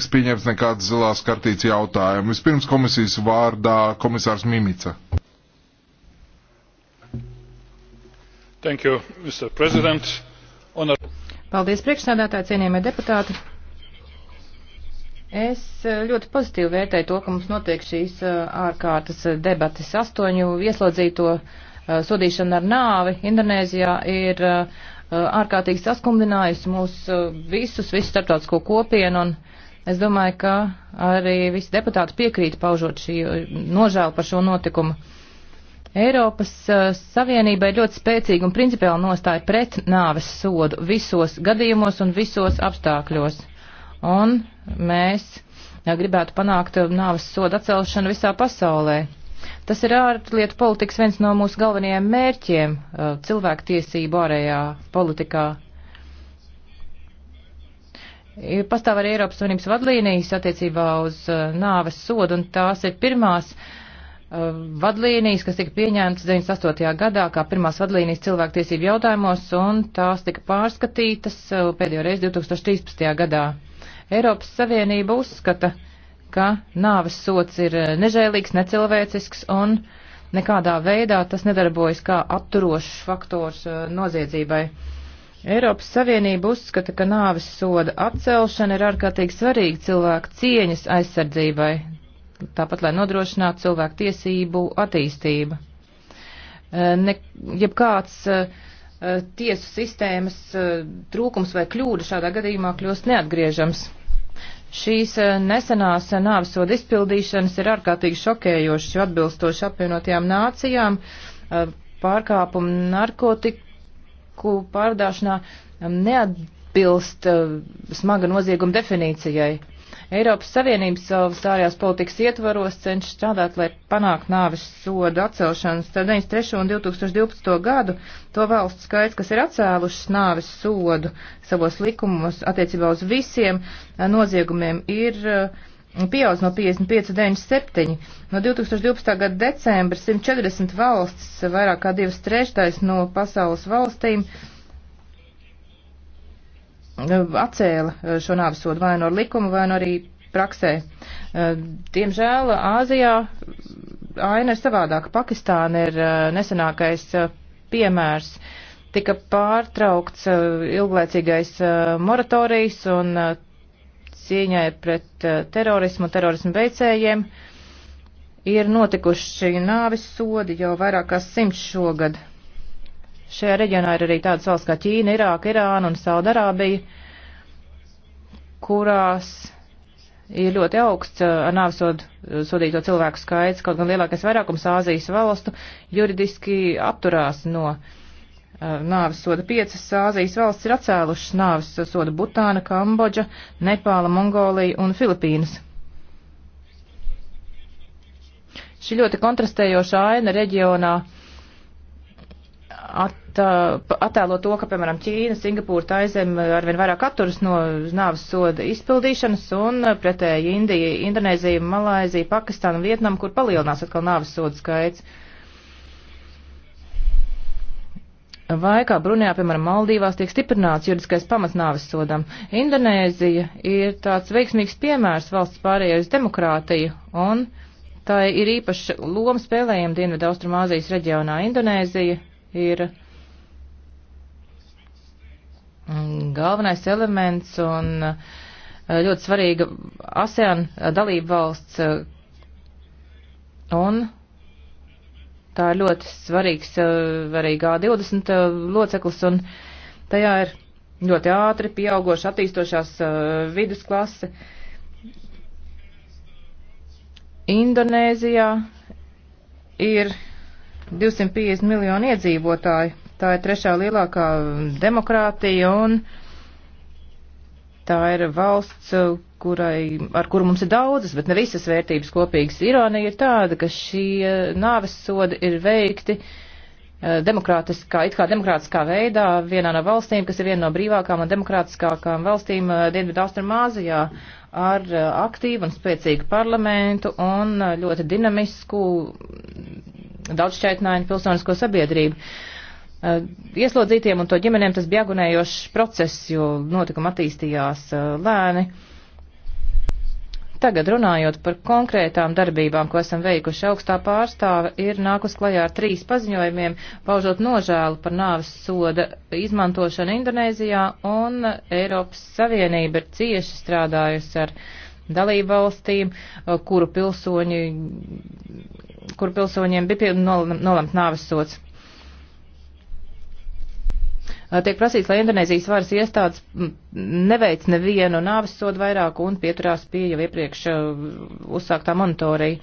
netiks pieņemts nekāds zilās kartītes jautājums. Vispirms komisijas vārdā komisārs Mimica. Thank you, Mr. President. Honor... Paldies, priekšsādātāji, cienījamie deputāti. Es eh, ļoti pozitīvi vērtēju to, ka mums notiek šīs eh, ārkārtas eh, debatas. Astoņu ieslodzīto sodīšana ar nāvi Indonēzijā ir ārkārtīgi saskumdinājusi mūs visus, visu starptautisko kopienu. Un, Es domāju, ka arī visi deputāti piekrīt paužot šī nožēlu par šo notikumu. Eiropas uh, Savienība ir ļoti spēcīga un principiāli nostāja pret nāves sodu visos gadījumos un visos apstākļos. Un mēs uh, gribētu panākt nāves sodu atcelšanu visā pasaulē. Tas ir ārlietu politikas viens no mūsu galvenajiem mērķiem uh, cilvēktiesību ārējā politikā Pastāv arī Eiropas Savienības vadlīnijas attiecībā uz uh, nāves sodu, un tās ir pirmās uh, vadlīnijas, kas tika pieņemtas 98. gadā kā pirmās vadlīnijas cilvēktiesību jautājumos, un tās tika pārskatītas uh, pēdējo reizi 2013. gadā. Eiropas Savienība uzskata, ka nāves sots ir nežēlīgs, necilvēcisks un nekādā veidā tas nedarbojas kā apturošs faktors noziedzībai. Eiropas Savienība uzskata, ka nāves soda atcelšana ir ārkārtīgi svarīga cilvēku cieņas aizsardzībai, tāpat, lai nodrošinātu cilvēku tiesību attīstību. Eh, ne, jebkāds eh, eh, tiesu sistēmas trūkums vai kļūda šādā gadījumā kļūst neatgriežams. Šīs nesenās nāvesoda izpildīšanas ir ārkārtīgi šokējošas, jo atbilstoši apvienotajām nācijām pārkāpumu narkotiku narkotiku pārdāšanā um, neatbilst uh, smaga nozieguma definīcijai. Eiropas Savienības savas ārējās politikas ietvaros cenšas strādāt, lai panāk nāvis sodu atcelšanas. Starp 93. un 2012. gadu to valstu skaits, kas ir atcēlušas nāvis sodu savos likumos attiecībā uz visiem uh, noziegumiem, ir uh, pieaudz no 55 97. No 2012. gada decembra 140 valstis, vairāk kā divas trešdaļas no pasaules valstīm, atcēla eh, šo nāvisodu vai no nu likuma, vai no nu arī praksē. Eh, diemžēl Āzijā aina ir savādāka. Pakistāna ir eh, nesenākais piemērs. Tika pārtraukts ilglaicīgais moratorijas un cīņai pret eh, terorismu un terorismu veicējiem ir notikuši nāvis sodi jau vairāk kā simts šogad. Šajā reģionā ir arī tādas valsts kā Ķīna, Irāka, Irāna un Saudarābija, kurās ir ļoti augsts eh, ar nāvisodu sodīto cilvēku skaits, kaut gan lielākais vairākums Āzijas valstu juridiski apturās no uh, Eh, nāves soda piecas Āzijas valsts ir atcēlušas nāves soda Butāna, Kambodža, Nepāla, Mongolija un Filipīnas. Šī ļoti kontrastējoša aina reģionā at, attēlo to, ka, piemēram, Ķīna, Singapūra, Taizem arvien vairāk atturas no nāves soda izpildīšanas un pretēji Indija, Indonēzija, Malaizija, Pakistāna un Vietnam, kur palielinās atkal nāves soda skaits. Uh, vai kā Brunijā, piemēram, Maldīvās tiek stiprināts juridiskais pamats nāves sodam. Indonēzija ir tāds veiksmīgs piemērs valsts pārējai uz demokrātiju un tā ir īpaša loma spēlējama Dienvidu Austrumāzijas reģionā. Indonēzija ir mm, galvenais elements un eh, ļoti svarīga ASEAN dalība valsts eh, un tā ir ļoti svarīgs eh, arī G20 eh, loceklis, un tajā ir ļoti ātri pieaugoša attīstošās eh, vidusklase. Indonēzijā ir 250 miljoni iedzīvotāji. Tā ir trešā lielākā demokrātija un tā ir valsts, kurai, ar kuru mums ir daudzas, bet ne visas vērtības kopīgas. Ironija ir tāda, ka šie nāves sodi ir veikti eh, demokrātiskā, it kā demokrātiskā veidā vienā no valstīm, kas ir viena no brīvākām un demokrātiskākām valstīm eh, Dienvidu Austrumāzijā ar eh, aktīvu un spēcīgu parlamentu un ļoti dinamisku mm, daudzšķaitnāju pilsonisko sabiedrību. Ieslodzītiem un to ģimenēm tas bija agunējošs process, jo notikuma attīstījās lēni. Tagad runājot par konkrētām darbībām, ko esam veikuši, augstā pārstāve ir nākus klajā ar trīs paziņojumiem, paužot nožēlu par nāves soda izmantošanu Indonēzijā, un Eiropas Savienība ir cieši strādājusi ar dalību valstīm, kuru pilsoņi, kur pilsoņiem bija nolemt nāves sots tiek prasīts, lai Indonēzijas varas iestādes neveic nevienu nāvis sodu vairāk un pieturās pie jau iepriekš uh, uzsāktā monitorija.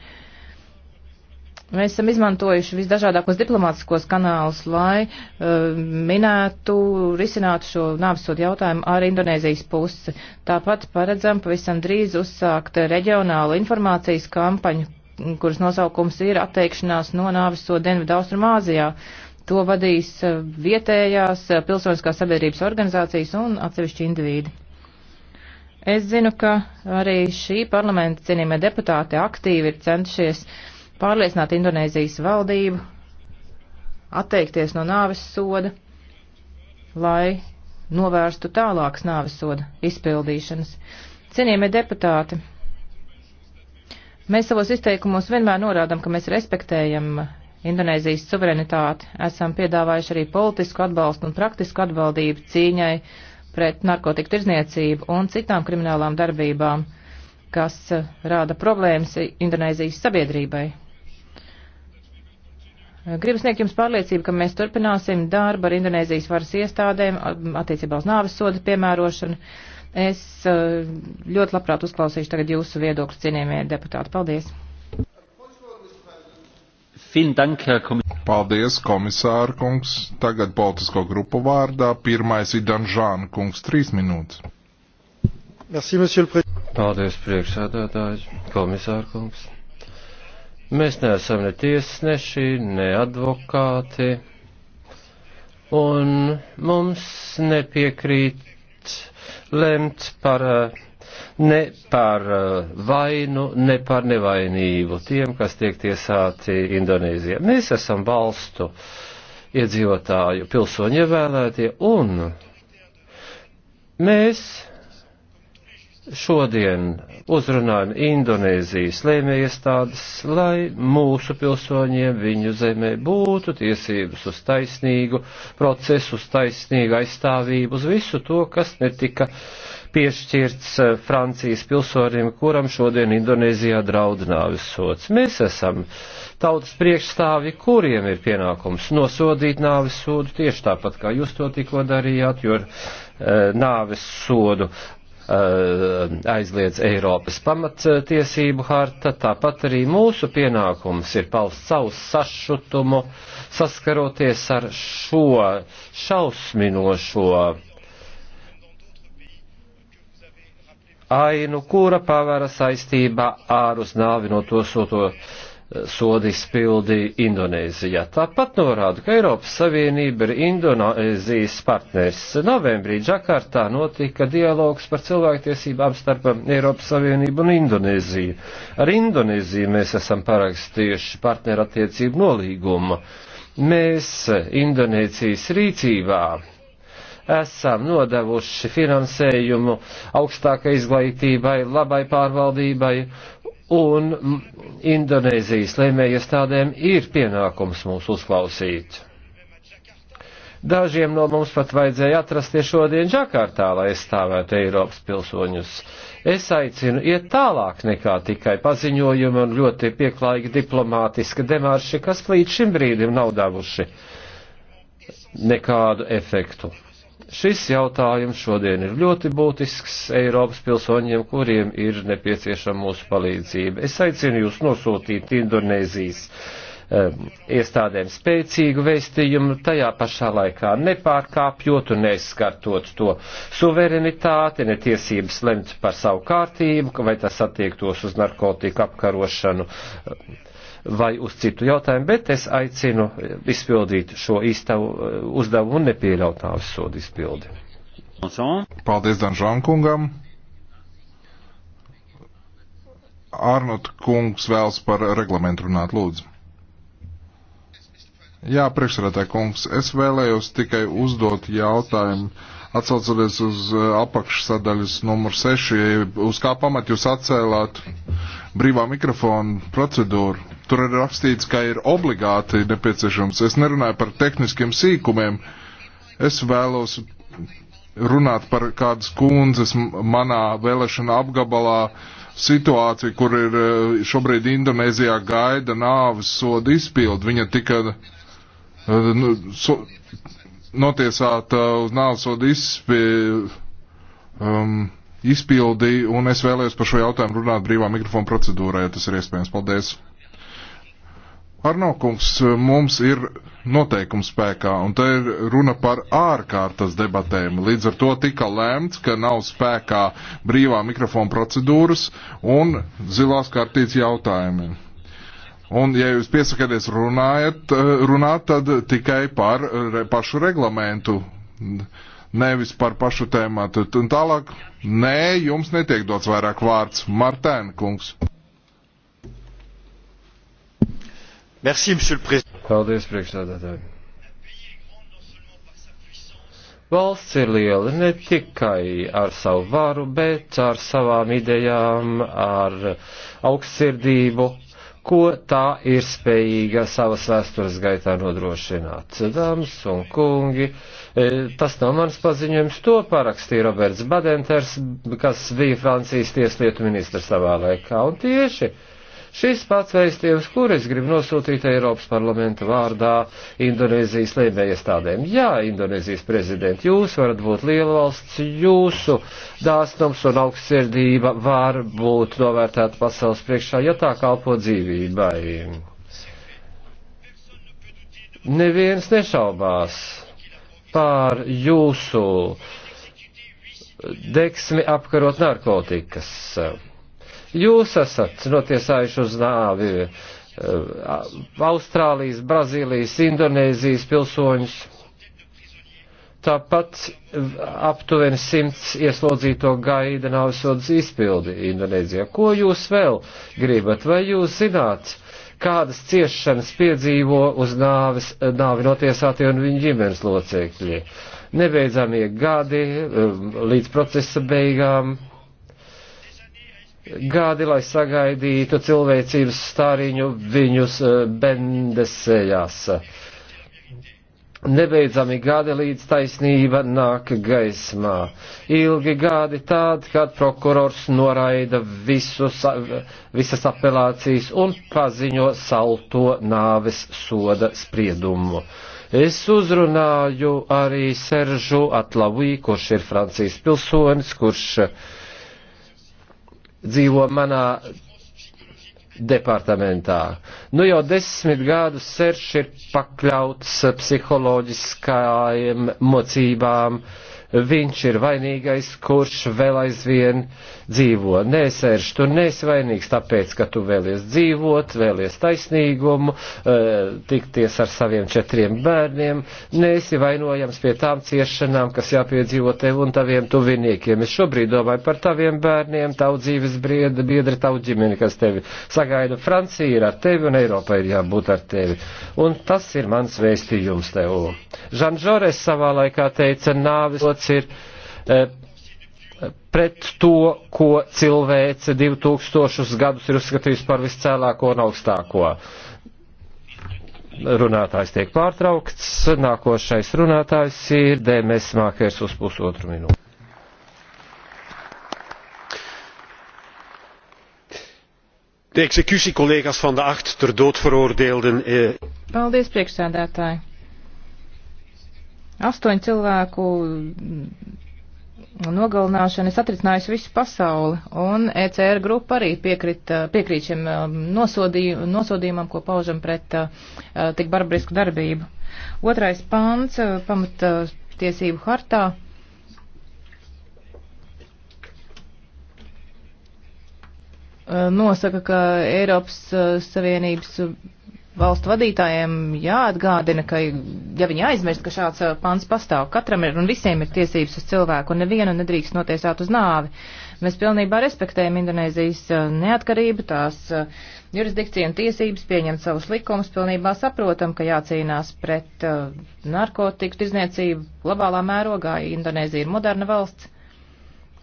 Mēs esam izmantojuši visdažādākos diplomātiskos kanālus, lai uh, minētu, risinātu šo nāvisodu jautājumu ar Indonēzijas pusi. Tāpat paredzam pavisam drīz uzsākt reģionālu informācijas kampaņu, kuras nosaukums ir atteikšanās no nāvisodu Dienvidu Austrumāzijā. Uh, To vadīs eh, vietējās eh, pilsoniskās sabiedrības organizācijas un atsevišķi indivīdi. Es zinu, ka arī šī parlamenta cienījumie deputāti aktīvi ir centušies pārliecināt Indonēzijas valdību, atteikties no nāves soda, lai novērstu tālākas nāves soda izpildīšanas. Cienījamie deputāti, mēs savos izteikumos vienmēr norādam, ka mēs respektējam Indonēzijas suverenitāti. Esam piedāvājuši arī politisku atbalstu un praktisku atbaldību cīņai pret narkotiku tirzniecību un citām kriminālām darbībām, kas eh, rāda problēmas Indonēzijas sabiedrībai. Gribu sniegt jums pārliecību, ka mēs turpināsim darbu ar Indonēzijas varas iestādēm attiecībā uz nāves sodu piemērošanu. Es eh, ļoti labprāt uzklausīšu tagad jūsu viedokli, cienījamie deputāti. Paldies! Paldies, komisāra kungs. Tagad politisko grupu vārdā pirmais ir Danžāna kungs, trīs minūtes. Merci, Paldies, priekšsēdētājs, komisāra kungs. Mēs neesam ne tiesneši, ne advokāti, un mums nepiekrīt lemt par uh, ne par uh, vainu, ne par nevainību tiem, kas tiek tiesāti Indonēzijā. Mēs esam valstu iedzīvotāju pilsoņu ievēlētie un mēs šodien uzrunājam Indonēzijas lēmējiestādes, lai mūsu pilsoņiem viņu zemē būtu tiesības uz taisnīgu procesu, uz taisnīgu aizstāvību, uz visu to, kas netika piešķirts eh, Francijas pilsonim, kuram šodien Indonēzijā draud nāvis sots. Mēs esam tautas priekšstāvi, kuriem ir pienākums nosodīt nāvis sodu tieši tāpat, kā jūs to tikko darījāt, jo eh, nāves sodu Eh, aizliedz Eiropas pamattiesību harta, tāpat arī mūsu pienākums ir paust savu sašutumu, saskaroties ar šo šausminošo ainu, kura pavara saistībā ar uz nāvi no to soto sodi izpildi Indonēzijā. Tāpat norāda, ka Eiropas Savienība ir Indonēzijas partners. Novembrī Džakartā notika dialogs par cilvēktiesībām starp Eiropas Savienību un Indonēziju. Ar Indonēziju mēs esam parakstījuši partnerattiecību nolīgumu. Mēs Indonēzijas rīcībā esam nodevuši finansējumu augstākai izglītībai, labai pārvaldībai un Indonēzijas lēmējiestādēm ir pienākums mūs uzklausīt. Dažiem no mums pat vajadzēja atrasties šodien Džakartā, lai aizstāvētu Eiropas pilsoņus. Es aicinu iet tālāk nekā tikai paziņojumi un ļoti pieklājīgi diplomātiski demārši, kas līdz šim brīdim nav devuši nekādu efektu. Šis jautājums šodien ir ļoti būtisks Eiropas pilsoņiem, kuriem ir nepieciešama mūsu palīdzība. Es aicinu jūs nosūtīt Indonēzijas um, iestādēm spēcīgu vēstījumu, tajā pašā laikā nepārkāpjot un neizskartot to suverenitāti, ne tiesības lemt par savu kārtību, vai tas attiektos uz narkotiku apkarošanu. Um, vai uz citu jautājumu, bet es aicinu izpildīt šo īstavu eh, uzdevumu un nepieļaut nāvis sodu izpildi. Paldies Danžan kungam. Arnot kungs vēlas par reglamentu runāt, lūdzu. Jā, priekšsēdētāj kungs, es vēlējos tikai uzdot jautājumu, atsaucoties uz eh, apakšsadaļas numur 6, uz kā pamat jūs atcēlāt brīvā mikrofonu procedūru. Tur ir rakstīts, ka ir obligāti nepieciešams. Es nerunāju par tehniskiem sīkumiem. Es vēlos runāt par kādas kundzes manā vēlēšana apgabalā situāciju, kur ir e, šobrīd Indonēzijā gaida nāves sodu izpildu. Viņa tika e, nu, so, notiesāta uz nāves sodu izpildu. Um, izpildi, un es vēlējos par šo jautājumu runāt brīvā mikrofona procedūrā, ja tas ir iespējams. Paldies! Arnokungs, mums ir noteikums spēkā, un te ir runa par ārkārtas debatēm. Līdz ar to tika lēmts, ka nav spēkā brīvā mikrofona procedūras un zilās kartītes jautājumi. Un, ja jūs piesakāties runājat, runāt, tad tikai par re, pašu reglamentu, nevis par pašu tēmātu. Un tālāk, nē, jums netiek dots vairāk vārds. Martēn, kungs. Merci, monsieur le président. Paldies, priekšsādātāji. Valsts ir liela ne tikai ar savu varu, bet ar savām idejām, ar augstsirdību, ko tā ir spējīga savas vēstures gaitā nodrošināt. Dāmas un kungi, e, tas nav mans paziņojums, to parakstīja Roberts Badenters, kas bija Francijas tieslietu ministrs savā laikā. Un tieši Šis pats vēstījums, kur es gribu nosūtīt Eiropas parlamenta vārdā Indonēzijas lēmējiestādēm. Jā, Indonēzijas prezidenti, jūs varat būt liela valsts, jūsu dāsnums un augstsirdība var būt novērtēta pasaules priekšā, ja tā kalpo dzīvībai. Neviens nešaubās pār jūsu deksmi apkarot narkotikas Jūs esat notiesājuši uz nāvi eh, Austrālijas, Brazīlijas, Indonēzijas pilsoņus. Tāpat aptuveni simts ieslodzīto gaida nāvisodas izpildi Indonēzijā. Ko jūs vēl gribat? Vai jūs zināt, kādas ciešanas piedzīvo uz nāvis, nāvi notiesātie un viņu ģimenes locekļi? Nebeidzamie gadi eh, līdz procesa beigām gadi, lai sagaidītu cilvēcības stāriņu viņus eh, bendesējās. Nebeidzami gadi līdz taisnība nāk gaismā. Ilgi gadi tādi, kad prokurors noraida visus, visas apelācijas un paziņo salto nāves soda spriedumu. Es uzrunāju arī Seržu Atlavī, kurš ir Francijas pilsonis, kurš uh, dzīvo manā departamentā. Nu jau desmit gadus Serš ir pakļauts psiholoģiskajām mocībām, uh, viņš ir vainīgais, kurš vēl aizvien dzīvo. Nē, sērš, tu nesi vainīgs, tāpēc, ka tu vēlies dzīvot, vēlies taisnīgumu, eh, tikties ar saviem četriem bērniem, nesi vainojams pie tām ciešanām, kas jāpiedzīvo tev un taviem tuviniekiem. Es šobrīd domāju par taviem bērniem, tavu dzīves brieda, biedri, tavu ģimeni, kas tevi sagaida. Francija ir ar tevi un Eiropa ir jābūt ar tevi. Un tas ir mans vēstījums tev. Žanžores savā laikā teica, nāvis pamats ir e, pret to, ko cilvēce 2000 gadus ir uzskatījusi par viscēlāko un augstāko. Runātājs tiek pārtraukts. Nākošais runātājs ir Dēmēs Mākers uz pusotru minūti. De executie collega's van de acht ter dood veroordeelden. Eh. Paldies, priekšsēdētāji astoņu cilvēku nogalināšana ir satricinājusi visu pasauli, un ECR grupa arī piekrit, piekrīt šiem um, nosodī, nosodījumam, ko paužam pret uh, uh tik barbarisku darbību. Otrais pāns uh, pamata tiesību hartā. Uh, nosaka, ka Eiropas uh, Savienības valstu vadītājiem jāatgādina, ka ja viņi aizmirst, ka šāds uh, pants pastāv, katram ir un visiem ir tiesības uz cilvēku un nevienu nedrīkst notiesāt uz nāvi. Mēs pilnībā respektējam Indonēzijas uh, neatkarību, tās uh, jurisdikcija un tiesības pieņemt savus likumus, pilnībā saprotam, ka jācīnās pret narkotiku tirzniecību globālā mērogā. Indonēzija ir moderna valsts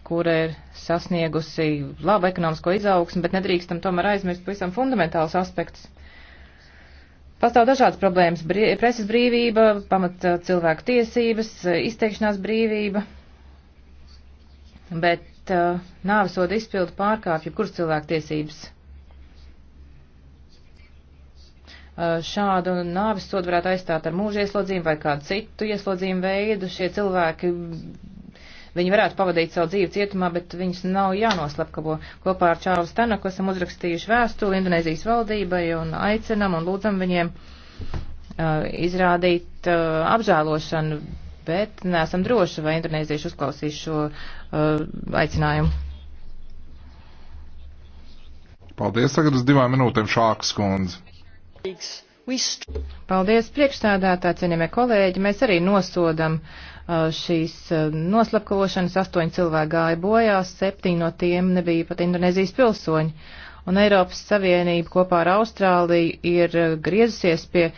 kura ir sasniegusi labu ekonomisko izaugsmu, bet nedrīkstam tomēr aizmirst pavisam fundamentāls aspekts. Pastāv dažādas problēmas brī, - preses brīvība, pamat eh, cilvēku tiesības, eh, izteikšanās brīvība, bet uh, nāvesoda izpildu pārkāpja kuras cilvēku tiesības. Uh, šādu nāvis sodu varētu aizstāt ar mūža ieslodzījumu vai kādu citu ieslodzījumu veidu. Šie cilvēki Viņi varētu pavadīt savu dzīvi cietumā, bet viņus nav jānoslepkavo. Kopā ar Čārlis Tanaku esam uzrakstījuši vēstuli Indonēzijas valdībai un aicinam un lūdzam viņiem uh, izrādīt uh, apžēlošanu, bet neesam droši, vai indonēzieši uzklausīs šo uh, aicinājumu. Paldies, tagad uz divām minūtēm šāks kundze. Paldies, priekšstādātā, cienījamie kolēģi, mēs arī nosodam uh, Eh, šīs eh, noslapkavošanas. Astoņi cilvēki gāja bojā, septiņi no tiem nebija pat Indonēzijas pilsoņi. Un Eiropas Savienība kopā ar Austrāliju ir eh, griezusies pie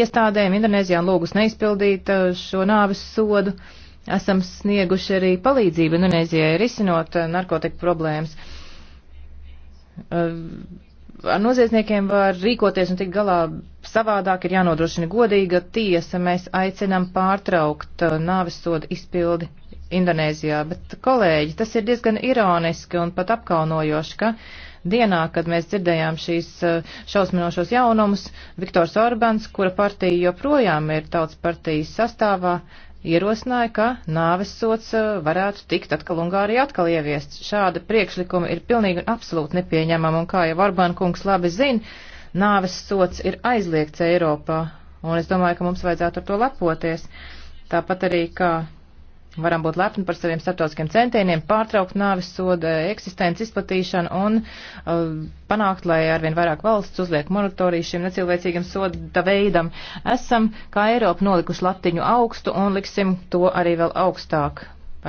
iestādēm Indonēzijā un lūgus neizpildīt šo nāves sodu. Esam snieguši arī palīdzību Indonēzijai risinot narkotiku problēmas ar noziedzniekiem var rīkoties un tik galā savādāk ir jānodrošina godīga tiesa. Mēs aicinām pārtraukt uh, nāvisodu izpildi Indonēzijā, bet kolēģi, tas ir diezgan ironiski un pat apkaunojoši, ka dienā, kad mēs dzirdējām šīs uh, šausminošos jaunumus, Viktors Orbans, kura partija joprojām ir tautas partijas sastāvā, uh, ierosināja, ka nāves sots uh, varētu tikt atkal Ungārija atkal ieviests. Šāda priekšlikuma ir pilnīgi un absolūti nepieņemama, un kā jau Orbán kungs labi zina, nāves sots ir aizliegts Eiropā, un es domāju, ka mums vajadzētu ar to lepoties. Tāpat arī, kā varam būt lepni par saviem starptautiskiem centieniem, pārtraukt nāvis soda eksistenci izplatīšanu un uh, panākt, lai arvien vairāk valsts uzliek moratoriju šim necilvēcīgam soda veidam. Esam, kā Eiropa, nolikuši latiņu augstu un liksim to arī vēl augstāk,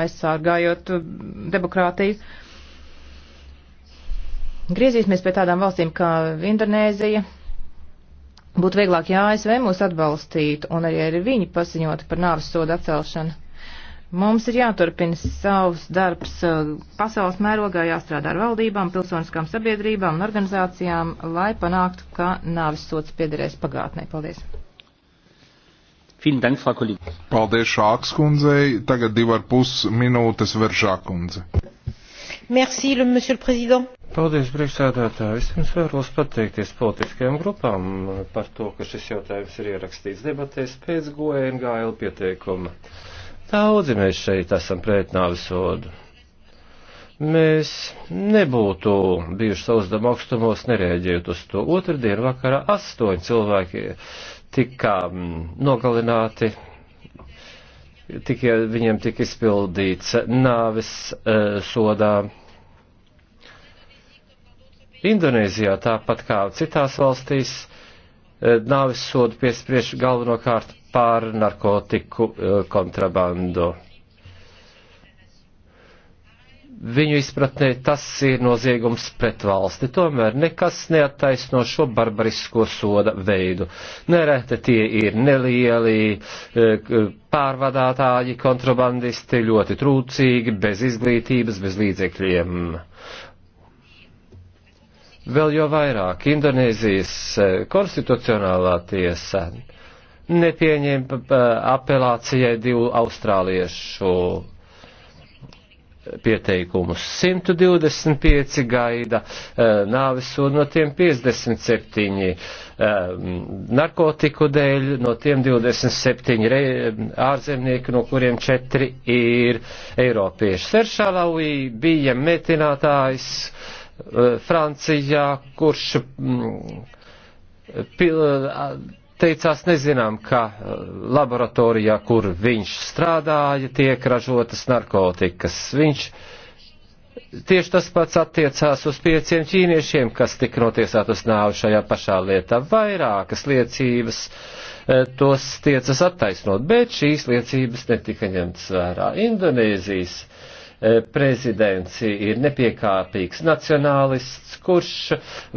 aizsārgājot uh, demokrātiju. Griezīsimies pie tādām valstīm kā Indonēzija, būtu vieglāk, ja ASV mūs atbalstītu, un arī, arī viņi paziņotu par nāves sodu atcelšanu. Mums ir jāturpina savs darbs pasaules mērogā, jāstrādā ar valdībām, pilsoniskām sabiedrībām un organizācijām, lai panāktu, ka nāvis sots piederēs pagātnē. Paldies! Paldies Šāks kundzei. Tagad divi ar pus minūtes ver Šākundze. Merci, le, monsieur le président. Paldies, priekšsēdētāji. Vispirms vēlos pateikties politiskajām grupām par to, ka šis jautājums ir ierakstīts debatēs pēc GOENGL pieteikuma. Daudzi mēs šeit esam pret nāvis sodu. Mēs nebūtu bijuši sauzdam augstumos, nereaģējot uz to. Otradien vakarā astoņi cilvēki tika mm, nogalināti, tika, viņiem tika izpildīts nāvis uh, eh, sodā. Indonēzijā, tāpat kā citās valstīs, eh, nāvis sodu piespriež galvenokārt par narkotiku eh, kontrabandu. Viņu izpratnē tas ir noziegums pret valsti, tomēr nekas neattaisno šo barbarisko soda veidu. Nereti tie ir nelieli eh, pārvadātāji, kontrabandisti, ļoti trūcīgi, bez izglītības, bez līdzekļiem. Vēl jau vairāk Indonēzijas eh, konstitucionālā tiesa nepieņēma apelācijai divu austrāliešu pieteikumus. 125 gaida e, nāvis un no tiem 57 e, narkotiku dēļ, no tiem 27 re, ārzemnieki, no kuriem 4 ir eiropieši. Seršālauī bija metinātājs e, Francijā, kurš mm, pil, teicās, nezinām, ka eh, laboratorijā, kur viņš strādāja, tiek ražotas narkotikas. Viņš tieši tas pats attiecās uz pieciem ķīniešiem, kas tika notiesāti uz nāvu šajā pašā lietā. Vairākas liecības eh, tos tiecas attaisnot, bet šīs liecības netika ņemtas vērā. Indonēzijas Eh, prezidents ir nepiekāpīgs nacionālists, kurš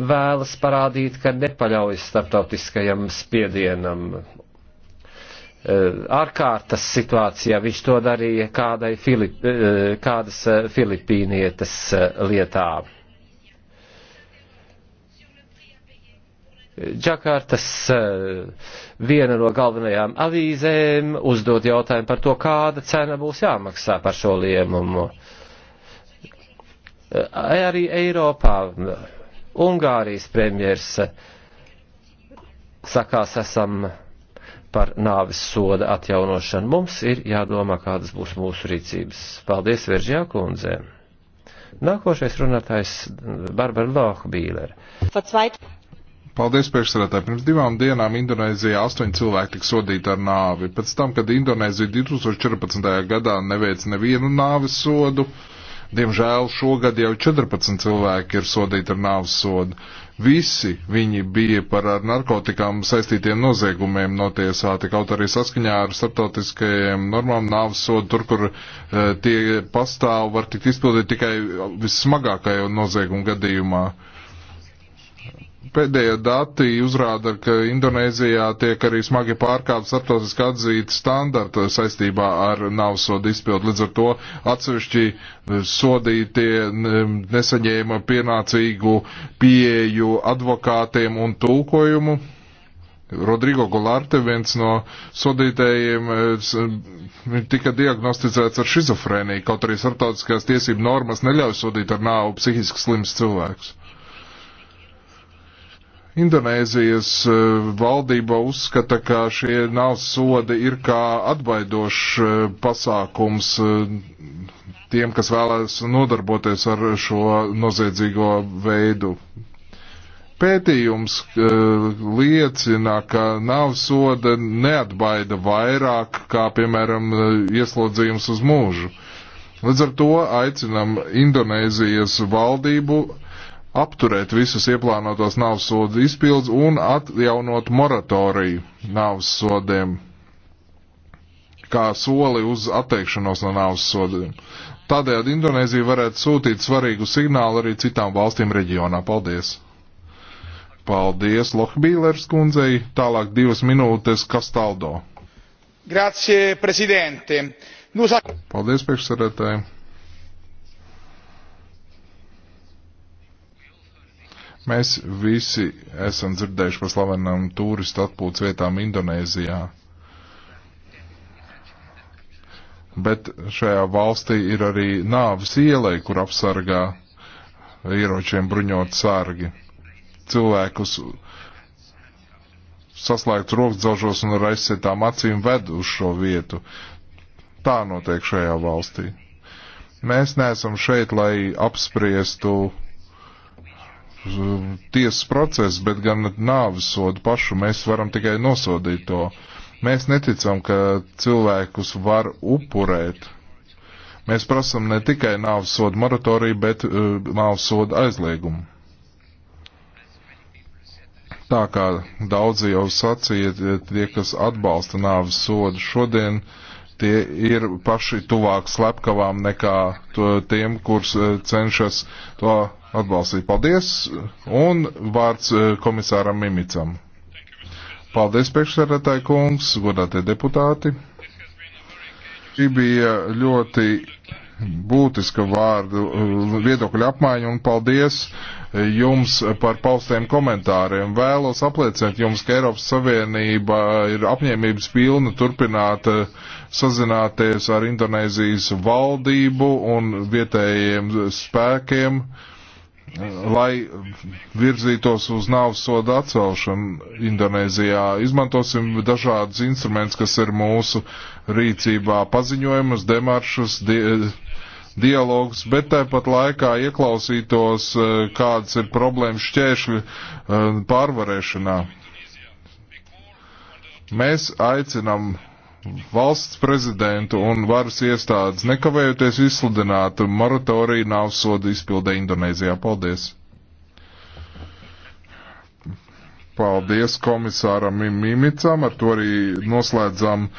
vēlas parādīt, ka nepaļaujas starptautiskajam spiedienam eh, ārkārtas situācijā viņš to darīja kādai Filip, eh, kādas filipīnietes lietā. Džakartas viena no galvenajām avīzēm uzdot jautājumu par to, kāda cena būs jāmaksā par šo liemumu. E, arī Eiropā Ungārijas premjers e, sakās esam par nāves soda atjaunošanu. Mums ir jādomā, kādas būs mūsu rīcības. Paldies, Veržjā kundzē! Nākošais runātājs Barbara Lohbīler. Paldies, priekšsēdētāji. Pirms divām dienām Indonēzijā astoņi cilvēki tika sodīti ar nāvi. Pēc tam, kad Indonēzija 2014. gadā neveica nevienu nāvis sodu, diemžēl šogad jau 14 cilvēki ir sodīti ar nāvis sodu. Visi viņi bija par ar narkotikām saistītiem noziegumiem notiesāti, kaut arī saskaņā ar startautiskajiem normām nāvis sodu, tur, kur uh, tie pastāv, var tikt izpildīt tikai vissmagākajo noziegumu gadījumā. Uh, Pēdējie dati uzrāda, ka Indonēzijā tiek arī smagi pārkāpt starptautiski atzīti standarti saistībā ar navsodu izpildu. Līdz ar to atsevišķi eh, sodītie nesaņēma pienācīgu pieeju advokātiem un tulkojumu. Rodrigo Golarte, viens no sodītējiem, eh, tika diagnosticēts ar šizofrēniju, kaut arī starptautiskās tiesību normas neļauj sodīt ar nāvu psihiski slims cilvēks. Indonēzijas eh, valdība uzskata, ka šie nāves sodi ir kā atbaidošs eh, pasākums eh, tiem, kas vēlēs nodarboties ar šo noziedzīgo veidu. Pētījums liecina, ka nāves soda neatbaida vairāk kā, piemēram, ieslodzījums uz mūžu. Līdz ar to aicinam Indonēzijas valdību apturēt visus ieplānotos nāvs sodu izpildus un atjaunot moratoriju nāvs sodiem, kā soli uz atteikšanos no nāvs sodiem. Tādējādi Indonēzija varētu sūtīt svarīgu signālu arī citām valstīm reģionā. Paldies! Paldies Lohbīlers kundzei, tālāk divas minūtes Kastaldo. Grazie, prezidente! Paldies, priekšsarētāji! Mēs visi esam dzirdējuši par slavenām turistu atpūtas vietām Indonēzijā. Bet šajā valstī ir arī nāvis ielai, kur apsargā ieročiem bruņot sargi. Cilvēkus saslēgt rokdzelžos un ar aizsietām acīm ved uz šo vietu. Tā notiek šajā valstī. Mēs neesam šeit, lai apspriestu tiesas process, bet gan nāvis sodu pašu. Mēs varam tikai nosodīt to. Mēs neticam, ka cilvēkus var upurēt. Mēs prasam ne tikai nāvis sodu moratoriju, bet uh, eh, nāvis sodu aizliegumu. Tā kā daudzi jau sacīja, tie, kas atbalsta nāvis sodu šodien, uh, tie ir paši tuvāk slepkavām nekā tiem, kurus e, cenšas to atbalstīt. Paldies! Un vārds e, komisāram Mimicam. Paldies, priekšsēdētāji kungs, godātie deputāti. Šī bija ļoti būtiska vārdu uh, viedokļu apmaiņa un paldies uh, jums par paustiem komentāriem. Vēlos apliecināt jums, ka Eiropas Savienība ir apņēmības pilna turpināt uh, sazināties ar Indonēzijas valdību un vietējiem spēkiem, lai virzītos uz nāvs soda atcelšanu Indonēzijā. Izmantosim dažādus instrumentus, kas ir mūsu rīcībā paziņojumus, demaršus, die, dialogs, bet tāpat laikā ieklausītos, e, kādas ir problēmas šķēršļu e, pārvarēšanā. Mēs aicinam valsts prezidentu un varas iestādes nekavējoties izsludināt moratoriju nāvsodu izpildē Indonēzijā. Paldies! Paldies komisāram Mimicam, ar to arī noslēdzam